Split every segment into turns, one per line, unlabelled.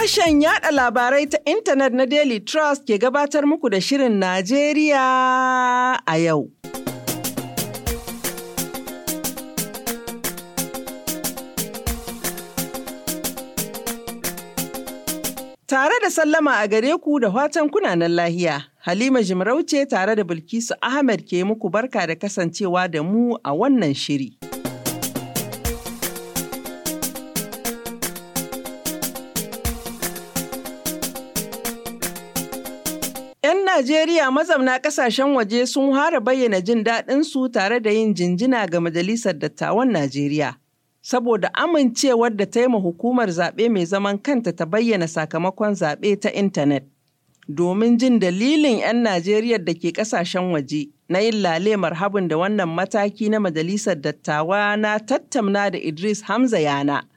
Sashen yada labarai ta intanet na Daily Trust ke gabatar muku da Shirin Najeriya a yau. Tare da sallama a gare ku da watan kunanan lahiya, Halima Jimarauce tare da Bilkisu Ahmed ke muku barka da kasancewa da mu a wannan shiri. Najeriya mazauna kasashen waje sun hara bayyana jin daɗin su tare da yin jinjina ga Majalisar Dattawan Najeriya. Saboda amincewar da ta yi hukumar zaɓe mai zaman kanta ta bayyana sakamakon zaɓe ta intanet. Domin jin dalilin 'yan Najeriya da ke kasashen waje na yin lale marhabin da wannan mataki na Majalisar Dattawa na tattamna da Idris Hamza Yana,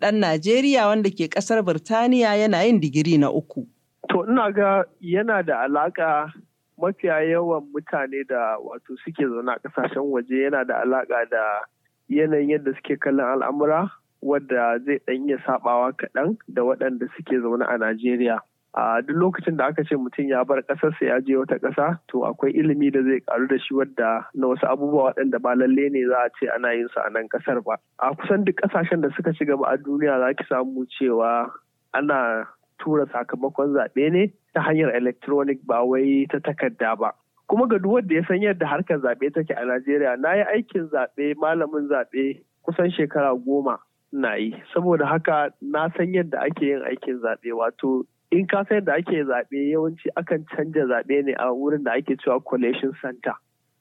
ɗan Najeriya wanda ke ƙasar Birtaniya yana yin digiri na uku.
To ina ga yana da alaƙa mafiya yawan mutane da wato suke zaune a kasashen waje yana da alaƙa da yanayin yadda suke kallon al'amura wadda zai ɗan iya saɓawa kaɗan da waɗanda suke zaune a Najeriya. a duk lokacin da aka ce mutum ya bar ƙasarsa ya je wata ƙasa to akwai ilimi da zai karu da shi wadda na wasu abubuwa waɗanda ba lalle ne za a ce ana yin su a nan ƙasar ba a kusan duk ƙasashen da suka ci gaba a duniya za ki samu cewa ana tura sakamakon zaɓe ne ta hanyar electronic ba wai ta takarda ba. Kuma ga duk wanda ya san yadda harkar zaɓe take a Najeriya na yi aikin zaɓe malamin zaɓe kusan shekara goma na yi saboda haka na san yadda ake yin aikin zaɓe wato in ka san yadda ake zaɓe yawanci akan canja zaɓe ne a wurin da ake cewa collation center.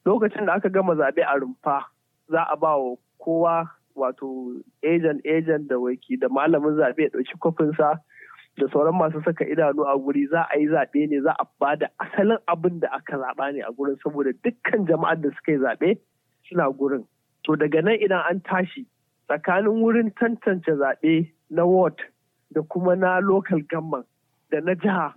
Lokacin da aka gama zaɓe a rumfa za a ba wa kowa wato agent Agent da waki da malamin zaɓe ya ɗauki sa. da sauran masu saka idanu a guri za a yi zaɓe ne za a ba da asalin abin da aka zaɓa ne a gurin saboda dukkan jama'ar da suka yi zaɓe suna gurin. To daga nan idan an tashi tsakanin wurin tantance zaɓe na ward da kuma na local gamman da na jiha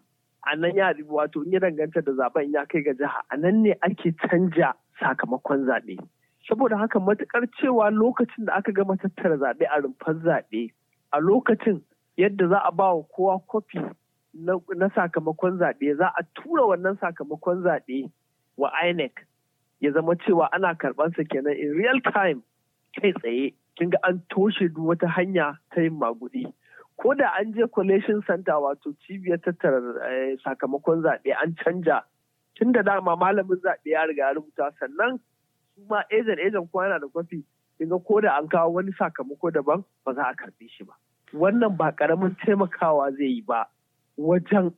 a nan ya wato in ya danganta da zaben ya kai ga jiha a nan ne ake canja sakamakon zaɓe. Saboda haka matukar cewa lokacin da aka gama tattara zaɓe a rumfar zaɓe a lokacin yadda za a ba wa kowa kofi na sakamakon zaɓe za a tura wannan sakamakon zaɓe wa INEC ya zama cewa ana karɓansa kenan in real time kai tsaye kin ga an toshe duk wata hanya ta yin magudi ko da an je collation center wato cibiyar tattara eh, sakamakon zaɓe an canja tun da dama malamin zaɓe ya riga ya rubuta sannan su ma ejen ejen kuma yana da kwafi kin ga ko da an kawo wani sakamako daban ba za a karɓi shi ba wannan ba karamin taimakawa zai yi ba wajen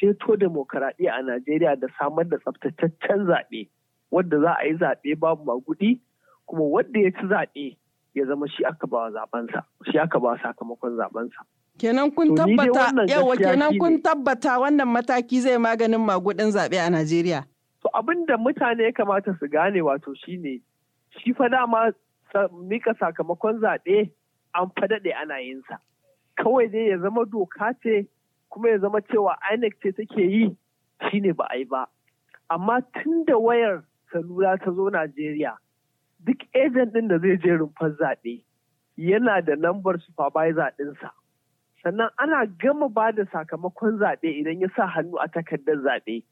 ceto demokaradiyya a Najeriya da samar da tsaftataccen zaɓe wadda za a yi zaɓe babu magudi kuma wadda ya ci zaɓe ya zama shi aka ba zabansa shi aka ba sakamakon zaɓensa.
Kenan kun tabbata yawa kenan kun tabbata wannan mataki zai maganin magudin zaɓe a Najeriya. To abinda mutane ya kamata su gane wato shine shi fa dama mika
sakamakon zaɓe an fadaɗe ana yinsa. kawai ne ya zama doka ce kuma ya zama cewa INEC ce take yi shine ba a yi ba amma tun da wayar salula ta zo Najeriya duk ejen ɗin da zai je rumfar zaɓe yana da lambar supervisor ɗinsa sannan ana gama ba da sakamakon zaɓe idan ya sa hannu a takardar zaɓe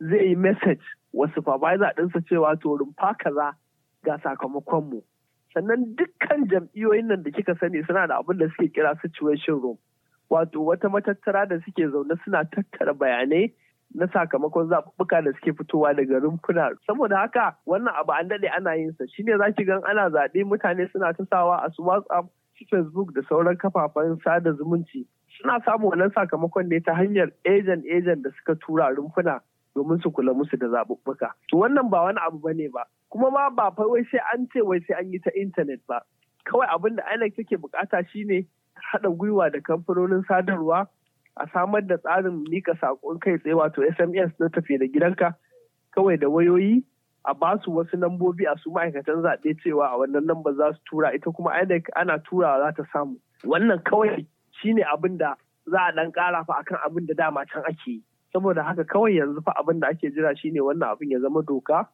zai yi message wa supervisor ɗinsa cewa to rumfa kaza ga sakamakonmu sannan dukkan jam'iyoyin nan da kika sani suna da abin da suke kira situation room wato wata matattara da suke zaune suna tattara bayanai na sakamakon zaɓuɓɓuka da suke fitowa daga rumfuna saboda haka wannan abu an daɗe ana yin sa shine za ki gan ana zaɓe mutane suna ta sawa a su whatsapp su facebook da sauran kafafen sada zumunci suna samun wannan sakamakon ne ta hanyar ejen ejen da suka tura rumfuna domin su kula musu da zaɓuɓɓuka to wannan ba wani abu bane ba kuma ma ba fa wai sai an ce wai sai an yi ta intanet ba kawai abin da INEC take bukata shine haɗa gwiwa da kamfanonin sadarwa a samar da tsarin nika saƙon kai tsaye wato sms na tafi da gidanka kawai da wayoyi a ba su wasu lambobi a su ma'aikatan zaɓe cewa a wannan lambar za su tura ita kuma INEC ana turawa za ta samu wannan kawai shine abin da za a ɗan ƙara fa akan abin da dama can ake yi saboda haka kawai yanzu fa abin da ake jira shine wannan abin ya zama doka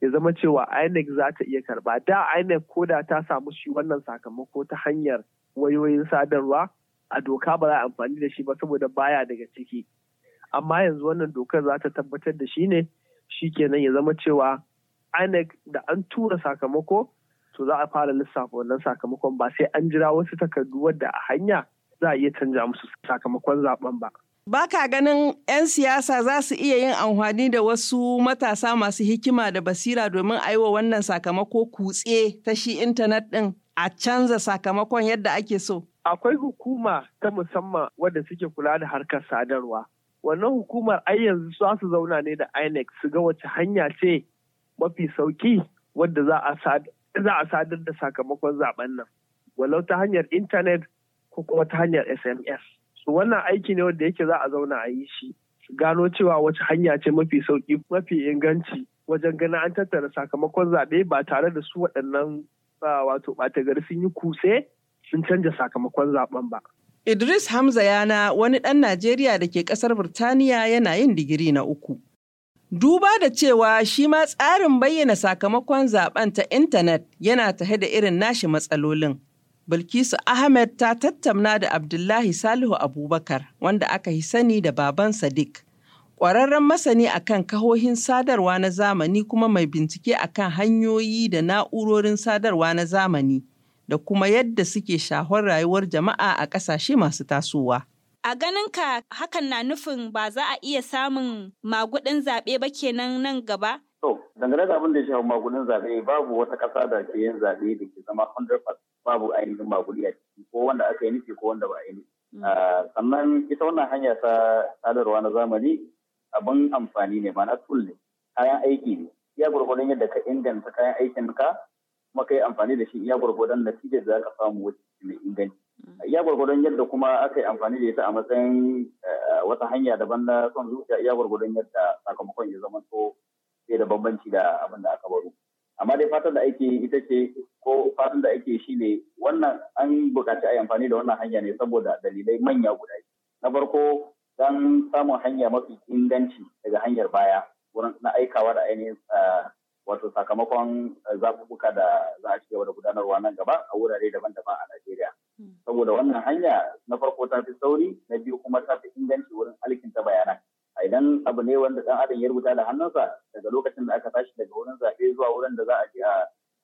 ya zama cewa INEC za ta iya karba da INEC ko da ta samu shi wannan sakamako ta hanyar wayoyin sadarwa a doka ba za a amfani da shi ba saboda baya daga ciki amma yanzu wannan dokar za ta tabbatar da shi ne shi kenan ya zama cewa INEC da an tura sakamako to za a fara lissafa wannan sakamakon ba sai an jira wasu takardu wadda a hanya za a iya canja musu sakamakon zaben
ba. Baka ganin 'yan siyasa za su iya yin amfani da wasu matasa masu hikima da basira domin a yi wa wannan sakamako kutse ta shi intanet ɗin a canza sakamakon yadda ake so.
Akwai hukuma ta musamman wadda suke kula da harkar sadarwa. Wannan hukumar ai yanzu za su zauna ne da INEC su ga wace hanya ce mafi sauki wadda za a sadar da sakamakon zaben nan. Walau ta hanyar intanet ko kuma ta hanyar SMS. wannan aiki ne wanda yake za a zauna a yi shi gano cewa wace hanya ce mafi sauki mafi inganci wajen ganin an tattara sakamakon zaɓe ba tare da su waɗannan wato ɓata gari sun
yi kuse sun canja sakamakon zaɓen ba. Idris Hamza yana wani ɗan Najeriya da ke ƙasar Birtaniya yana yin digiri na uku. Duba da cewa shi ma tsarin bayyana sakamakon zaɓen ta intanet yana tahe da irin nashi matsalolin. Bilkisu Ahmed ta tattauna da Abdullahi Salihu Abubakar wanda aka yi sani da baban Sadiq. Ƙwararren masani akan kahohin sadarwa na zamani kuma mai bincike akan hanyoyi da na'urorin sadarwa na zamani da kuma yadda suke shahon rayuwar jama'a a ƙasashe masu tasowa.
A ganin ka hakan na nufin ba za a iya samun magudin zaɓe ba kenan nan gaba?
To, dangane da abin da ya shafi magudin zaɓe babu wata ƙasa da ke yin zaɓe da ke zama 100% babu ainihin maguri a ciki ko wanda aka yi nufi ko wanda ba a yi nufi. Mm. Ah, sannan ita wannan hanya ta sadarwa na zamani abin amfani ne na tool ne kayan aiki ne iya gwargwadon yadda ka inganta kayan aikin ka kuma ka yi amfani da shi iya gwargwadon natijar da ka samu wacce mai inganci. Mm. Iya gwargwadon yadda kuma aka yi amfani da ita a matsayin eh, wata hanya daban na son zuciya iya gwargwadon yadda sakamakon ya zama to sai da bambanci da abin da aka baro. Amma dai fatan da aiki ita ce ko fatan da ake shi ne wannan an buƙaci a yi amfani da wannan hanya ne saboda dalilai manya guda na farko don samun hanya mafi inganci daga hanyar baya wurin na aikawa da ainihin ah, wato sakamakon zaɓuɓɓuka da za a ci gaba da gudanarwa nan gaba a wurare daban-daban a Najeriya. Hmm. Saboda wannan hanya na farko ta fi sauri, na biyu kuma ta fi inganci wurin alkinta bayanan. A idan abu ne wanda ɗan adam ya rubuta da hannunsa daga lokacin da aka tashi daga wurin zaɓe zuwa wurin da za a je a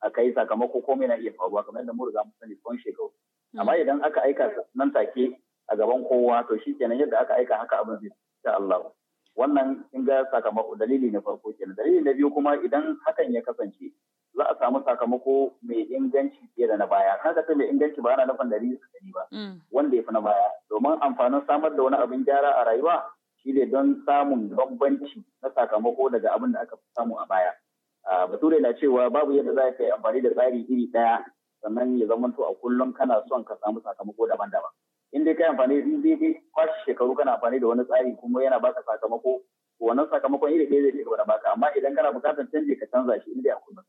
a kai sakamako ko na iya faruwa kamar yadda mu riga mu sani tsawon shekaru hmm. amma idan aka aika nan take a gaban kowa to shi kenan yadda aka aika haka abin zai ta Allah wannan in ga sakamako dalili na farko kenan dalili na biyu kuma idan hakan ya kasance za a samu sakamako mai inganci fiye da na baya kan ka mai inganci ba ana nufin dari gani ba hmm. wanda ya fi na baya domin amfanin samar da wani abin gyara a rayuwa shi ne don samun bambanci na sakamako daga abin da aka samu a baya bature na cewa babu yadda za ka yi amfani da tsari iri ɗaya sannan ya zama to a kullum kana son ka samu sakamako daban-daban in dai kai amfani in dai kai kwashe shekaru kana amfani da wani tsari kuma yana baka sakamako wannan sakamakon iri ɗaya zai ce gaba da baka amma idan kana buƙatar canji ka canza shi in dai a kullum.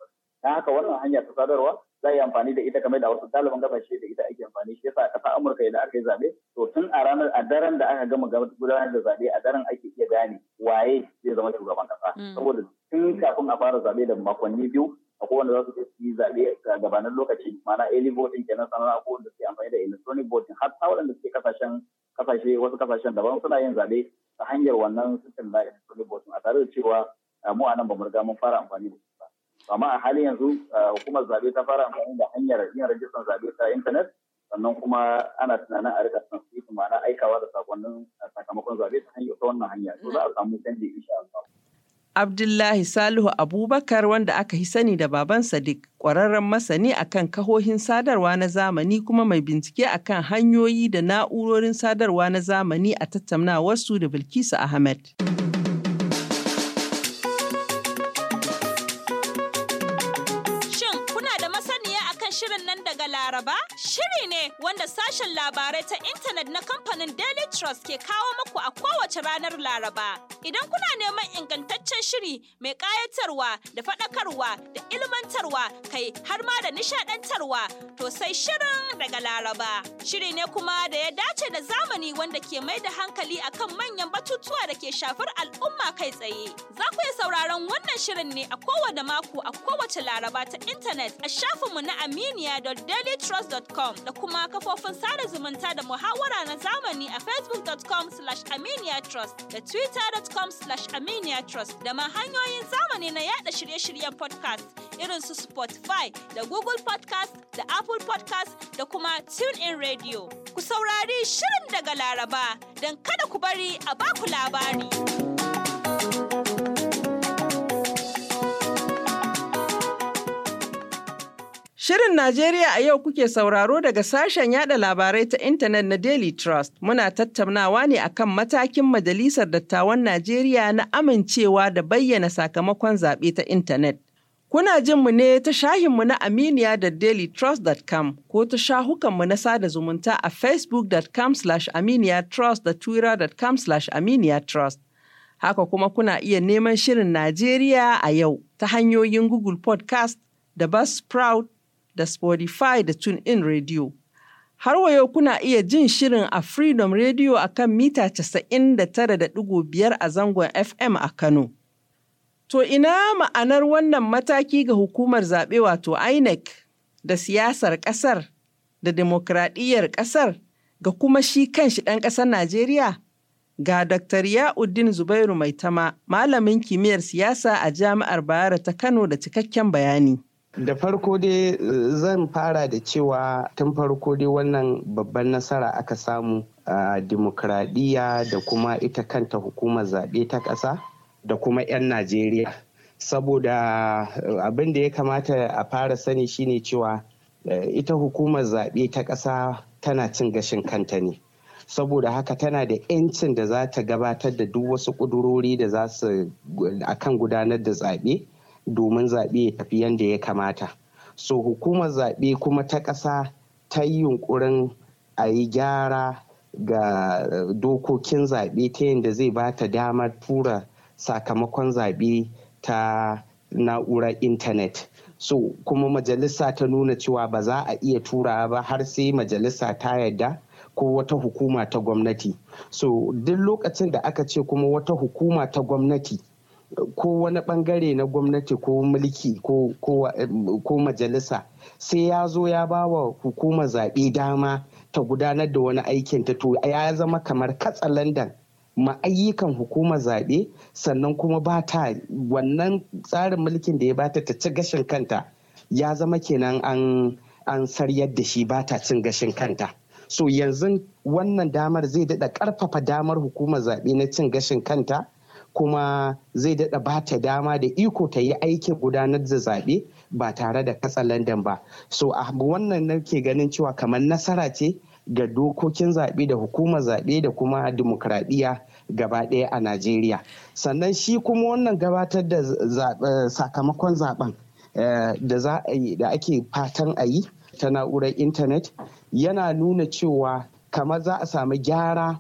na haka wannan hanya ta sadarwa za yi amfani da ita kamar da wasu ɗaliban gabashe da ita ake amfani shi yasa a ƙasar Amurka idan aka yi zaɓe to tun a ranar a daren da aka gama gudanar da zaɓe a daren ake iya gane waye zai zama shugaban ƙasa mm. saboda tun kafin a fara zaɓe da makonni biyu a kowanne za su yi zaɓe a gabanin lokaci mana early voting kenan sannan a wanda suke amfani da electronic voting har ta waɗanda suke kasashen kasashe wasu kasashen daban suna yin zaɓe ta hanyar wannan system na electronic voting a tare da cewa mu a nan ba mu riga mun fara amfani da shi ba amma a halin yanzu hukumar zaɓe ta fara amfani da hanyar yin rajistan zaɓe ta intanet sannan kuma ana tunanin a rika transmission ma'ana aikawa da sakonnin sakamakon zaɓe ta hanyar ta wannan hanya to za a samu canji insha
Abdullahi Salihu Abubakar wanda aka hi sani da baban Sadiq, ƙwararren masani akan kahohin sadarwa na zamani kuma mai bincike akan hanyoyi da na'urorin sadarwa na zamani a tattaunawarsu da Bilkisu Ahmed.
shirin nan daga Laraba? Shiri ne wanda sashen labarai ta intanet na kamfanin Daily Trust ke kawo maku a kowace ranar Laraba. Idan kuna neman wadataccen shiri mai kayatarwa da faɗakarwa da ilmantarwa kai har ma da nishaɗantarwa to sai shirin daga Laraba. Shiri ne kuma da ya dace da zamani wanda ke mai da hankali akan manyan batutuwa da ke shafar al'umma kai tsaye. Za ku iya sauraron wannan shirin ne a kowane mako a kowace Laraba ta intanet a shafinmu na aminiya.dailytrust.com da kuma kafofin sada zumunta da muhawara na zamani a facebook.com/aminiya trust da twittercom aminia trust da ma hanyoyin zamani na yada shirye-shiryen podcast irin su Spotify da Google podcast da Apple podcast da kuma TuneIn Radio. Ku saurari shirin daga Laraba don kada ku bari a baku labari.
Shirin Najeriya a yau kuke sauraro daga sashen yada labarai ta intanet na Daily Trust. Muna tattaunawa ne akan matakin Majalisar Dattawan Najeriya na amincewa da bayyana sakamakon zaɓe ta intanet. Kuna jin mu ne ta shahin mu na Aminiya da dailytrust.com ko ta shahukan mu na sada zumunta a facebook.com slash aminiyatrust da twitter.com slash aminiyatrust. Haka kuma kuna iya neman shirin Najeriya a yau ta hanyoyin Google Podcast da Buzzsprout da Spotify da TuneIn Radio. Har wayo kuna iya jin shirin a Freedom Radio a kan mita casa'in da tara biyar a zangon FM a Kano. To ina ma'anar wannan mataki ga hukumar zaɓe wato INEC da siyasar ƙasar da demokradiyyar ƙasar ga kuma shi kan shi ɗan ƙasar Najeriya? Ga Dr. Ya'uddin Zubairu Maitama, malamin kimiyyar siyasa a Jami'ar Bayero ta Kano da cikakken bayani. Da farko dai eh, zan fara da cewa
tun farko dai wannan babban nasara aka samu a dimokuraɗiyya da kuma ita kanta hukumar zaɓe ta ƙasa da kuma 'yan Najeriya. Saboda eh, abin da ya kamata a fara sani shine cewa eh, ita hukumar zaɓe ta ƙasa tana cin gashin kanta ne. saboda haka tana da 'yancin da za ta gabatar da duk wasu ƙudurori da za su akan gudanar da zaɓe domin zaɓe ya tafi yadda ya kamata so hukumar zaɓe kuma ta ƙasa ta yi yunkurin a yi gyara ga dokokin zaɓe ta yadda zai ba ta damar tura sakamakon zaɓe ta na'urar intanet so kuma majalisa ta nuna cewa ba za a iya turawa ba har sai majalisa ta yadda ko wata hukuma ta gwamnati so duk lokacin da aka ce kuma wata hukuma ta gwamnati ko wani bangare na gwamnati ko mulki ko majalisa sai ya zo ya ba wa hukumar zaɓe dama ta gudanar da wani aikin ta to ya zama kamar katsalandan Landan ma'ayyukan hukumar zaɓe sannan kuma ba ta wannan tsarin mulkin da ya bata ta ci gashin kanta ya zama kenan an an saryar da shi ba ta cin gashin kanta so yanzu wannan damar zai daɗa ƙarfafa damar hukumar zaɓe na cin gashin kanta kuma zai daɗa ba ta dama da iko ta yi aikin gudanar da zaɓe ba tare da katsalandan ba so a wannan nake ganin cewa kamar nasara ce ga dokokin zaɓe da hukumar zaɓe da kuma dimokuraɗiyya gaba ɗaya a najeriya sannan shi kuma wannan gabatar da eh, sakamakon zaben eh, da ake fatan a yi ta na'urar intanet yana nuna cewa kamar za a samu gyara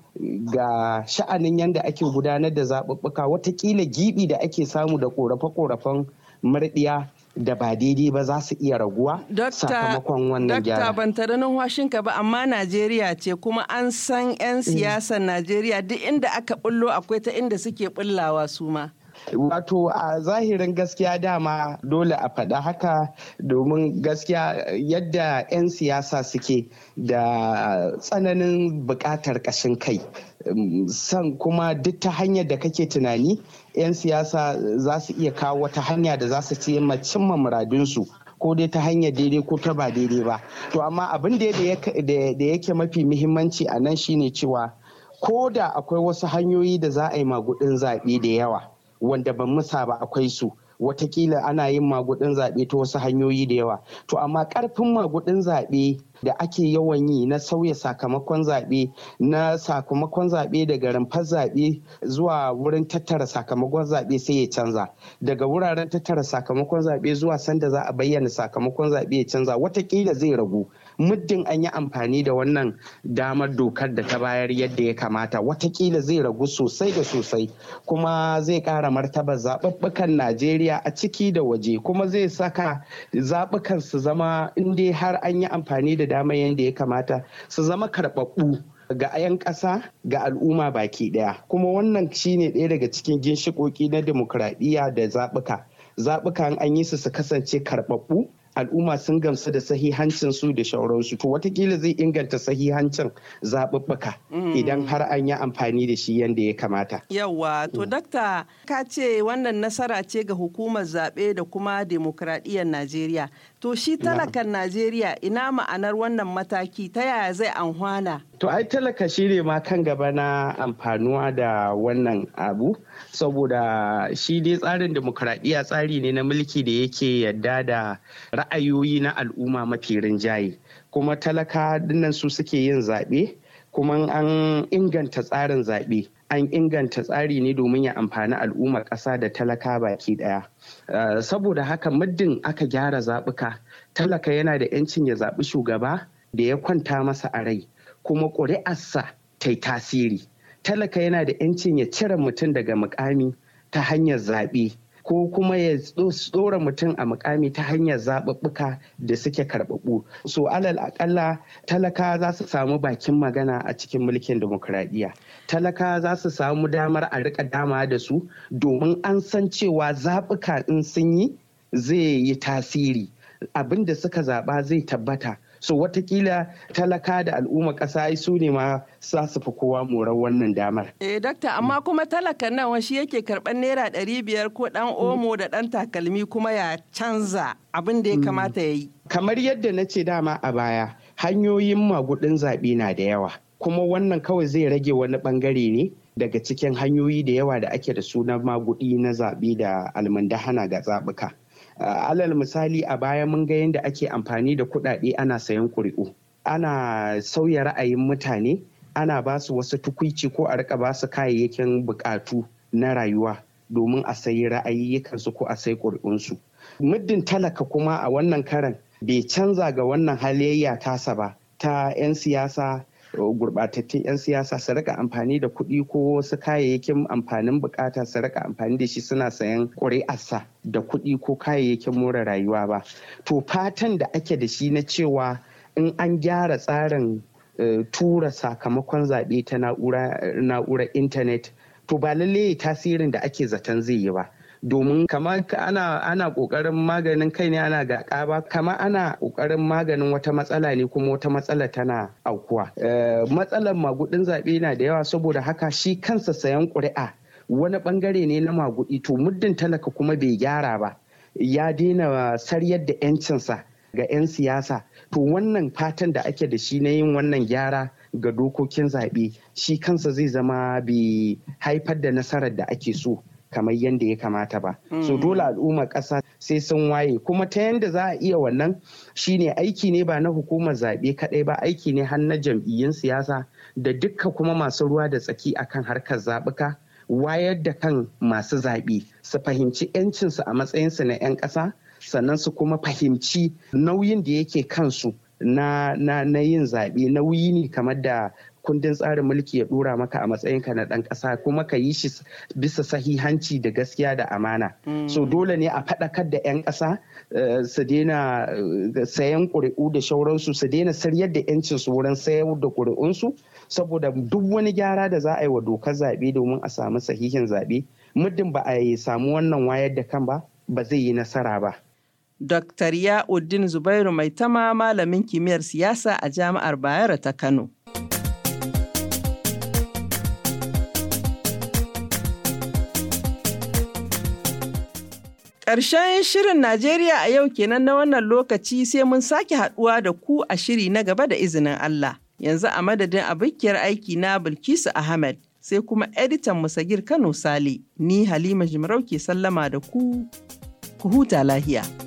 ga sha'anin yadda ake gudanar da zaɓuɓɓuka watakila gibi da ake samu da ƙorafe ƙorafen murɗiya da ba daidai ba za su iya raguwa sakamakon wannan gyara. Dokta
ban tare numfashinka ba amma Najeriya ce kuma an san 'yan mm. siyasar Najeriya duk inda aka bullo akwai ta inda suke bullawa su ma.
wato a zahirin gaskiya dama dole a faɗa haka domin gaskiya yadda 'yan siyasa suke da tsananin buƙatar ƙashin kai umm, san kuma duk ta hanyar da kake tunani 'yan siyasa za su iya kawo wata hanya da za su cimma muradinsu ko dai ta hanyar daidai ko ta ba daidai ba to amma abin da yake mafi muhimmanci a nan shine cewa ko da akwai wasu hanyoyi da za a yi magudin zaɓe da yawa wanda ban musa ba akwai su watakila ana yin magudin zaɓe ta wasu hanyoyi da yawa to amma ƙarfin magudin zaɓe da ake yawan yi na sauya sakamakon zaɓe na sakamakon zaɓe daga rumfar zaɓe zuwa wurin tattara sakamakon zaɓe sai ya canza daga wuraren tattara sakamakon zaɓe zuwa sanda za a bayyana sakamakon zaɓe ya canza watakila zai ragu muddin an yi amfani da wannan damar dokar da ta bayar yadda ya kamata watakila zai ragu sosai da sosai kuma zai ƙara martaba zaɓuɓɓukan najeriya a ciki da waje kuma zai saka zaɓukan su zama inda har an yi amfani da damar yadda ya kamata su zama karɓaɓɓu ga 'yan ƙasa ga al'umma baki ɗaya kuma wannan shine ɗaya daga cikin ginshiƙoƙi na dimokuraɗiyya da zaɓuka zaɓukan an yi su su kasance karɓaɓɓu al'umma sun gamsu da sahihancin su da shauransu to watakila zai inganta sahihancin zaɓuɓɓuka mm. idan har an yi amfani da shi yadda ya kamata.
Yawwa to mm. dakta ka ce wannan nasara ce ga hukumar zaɓe da kuma demokradiyyar Najeriya. To shi talakan Najeriya ina ma'anar wannan mataki ta yaya zai anhwana?
To ai talaka shi ne ma kan gaba na amfanuwa da wannan abu saboda shi dai tsarin demokuraɗiyya tsari ne na mulki da yake yadda da ra'ayoyi na al'umma mafi rinjaye kuma talaka dinnan su suke yin zaɓe kuma an inganta tsarin zaɓe an inganta tsari ne domin ya amfani al'ummar ƙasa da talaka baki ɗaya. Eh, saboda haka muddin aka gyara zaɓuka talaka yana da 'yancin ya zaɓi shugaba da ya kwanta masa a rai. kuma ƙuri'arsa ta yi tasiri talaka yana da 'yancin ya cire mutum daga mukami ta hanyar zaɓe ko kuma ya tsora mutum a mukami ta hanyar zaɓuɓɓuka da suke karɓaɓɓu so alal aƙalla talaka za su samu bakin magana a cikin mulkin demokuraɗiyya talaka za su samu damar a riƙa dama da su domin an san cewa zaɓuka in sun yi zai yi tasiri abin da suka zaɓa zai tabbata so watakila talaka da al'umma ƙasa su ne ma sa su fi kowa morar wannan damar.
Eh dakta amma kuma talakan nan shi yake karɓar naira ɗari biyar ko ɗan omo da ɗan takalmi kuma ya canza abin da ya mm. kamata
ya yi. Kamar yadda na ce dama a baya hanyoyin magudin zaɓe na da yawa kuma wannan kawai zai rage wani ɓangare ne daga cikin hanyoyi da yawa da ake da su na magudi na zaɓe da almandahana ga zaɓuka. alal misali a baya mun ga yadda ake amfani da kuɗaɗe ana sayan ƙuri'u ana sauya ra'ayin mutane ana ba su wasu tukwici ko a rika ba su kayayyakin buƙatu na rayuwa domin a sayi ra'ayyukansu ko a sayi ƙuri'unsu muddin talaka kuma a wannan karan bai canza ga wannan halayya tasa ba ta 'yan siyasa gurbatattun 'yan siyasa su rika amfani da kuɗi ko wasu kayayyakin amfanin bukata su rika amfani da shi suna sayan ƙuri'arsa da kuɗi ko kayayyakin more rayuwa ba to fatan da ake da shi na cewa in an gyara tsarin eh, tura sakamakon zaɓe ta na'urar intanet to ba lalle tasirin da ake zaton zai yi ba domin kama ana ana kokarin maganin kai ne ana ga ba kama ana kokarin maganin wata matsala ne kuma wata matsala tana aukuwa eh, matsalar magudin zaɓe na da yawa saboda haka shi kansa sayan ƙuri'a wani bangare ne na magudi to muddin talaka kuma bai gyara ba ya daina saryar da 'yancinsa ga 'yan siyasa to wannan fatan da ake da shi na yin wannan gyara ga dokokin zaɓe shi kansa zai zama bai haifar da nasarar da ake so kamar yadda ya kamata ba. So hmm. dole al'ummar ƙasa sai sun waye kuma ta yadda za a iya wannan shine aiki ne ba na hukumar zaɓe kaɗai ba aiki ne har na jam'iyyun siyasa da dukka kuma masu ruwa da tsaki akan harkar zaɓuka wayar da kan masu zaɓe su fahimci 'yancinsu a matsayinsu na 'yan ƙasa sannan su kuma fahimci nauyin da yake kansu na, na yin zaɓe nauyi ne kamar da kundin tsarin mulki ya dora maka a matsayinka na ɗan kasa kuma ka yi shi bisa sahihanci da gaskiya da amana. Mm. So dole ne a faɗakar da 'yan ƙasa eh, su daina eh, sayan ƙuri'u da shauransu su daina saryar da 'yancinsu wurin sayar da ƙuri'unsu saboda duk wani gyara da za a yi wa dokar zaɓe domin a samu sahihin zaɓe muddin ba a samu wannan wayar da kan ba ba zai
yi nasara ba. Dr. Uddin Zubairu mai Maitama malamin kimiyyar siyasa a Jami'ar Bayero ta Kano. Ƙarshen shirin Najeriya a yau kenan na wannan lokaci sai mun sake haɗuwa da ku a shiri na gaba da izinin Allah. Yanzu a madadin abokiyar aiki na Bilkisu Ahmed sai kuma editan Musagir Kano Sale, ni Halima Jimarau ke sallama da ku, ku huta lahiya.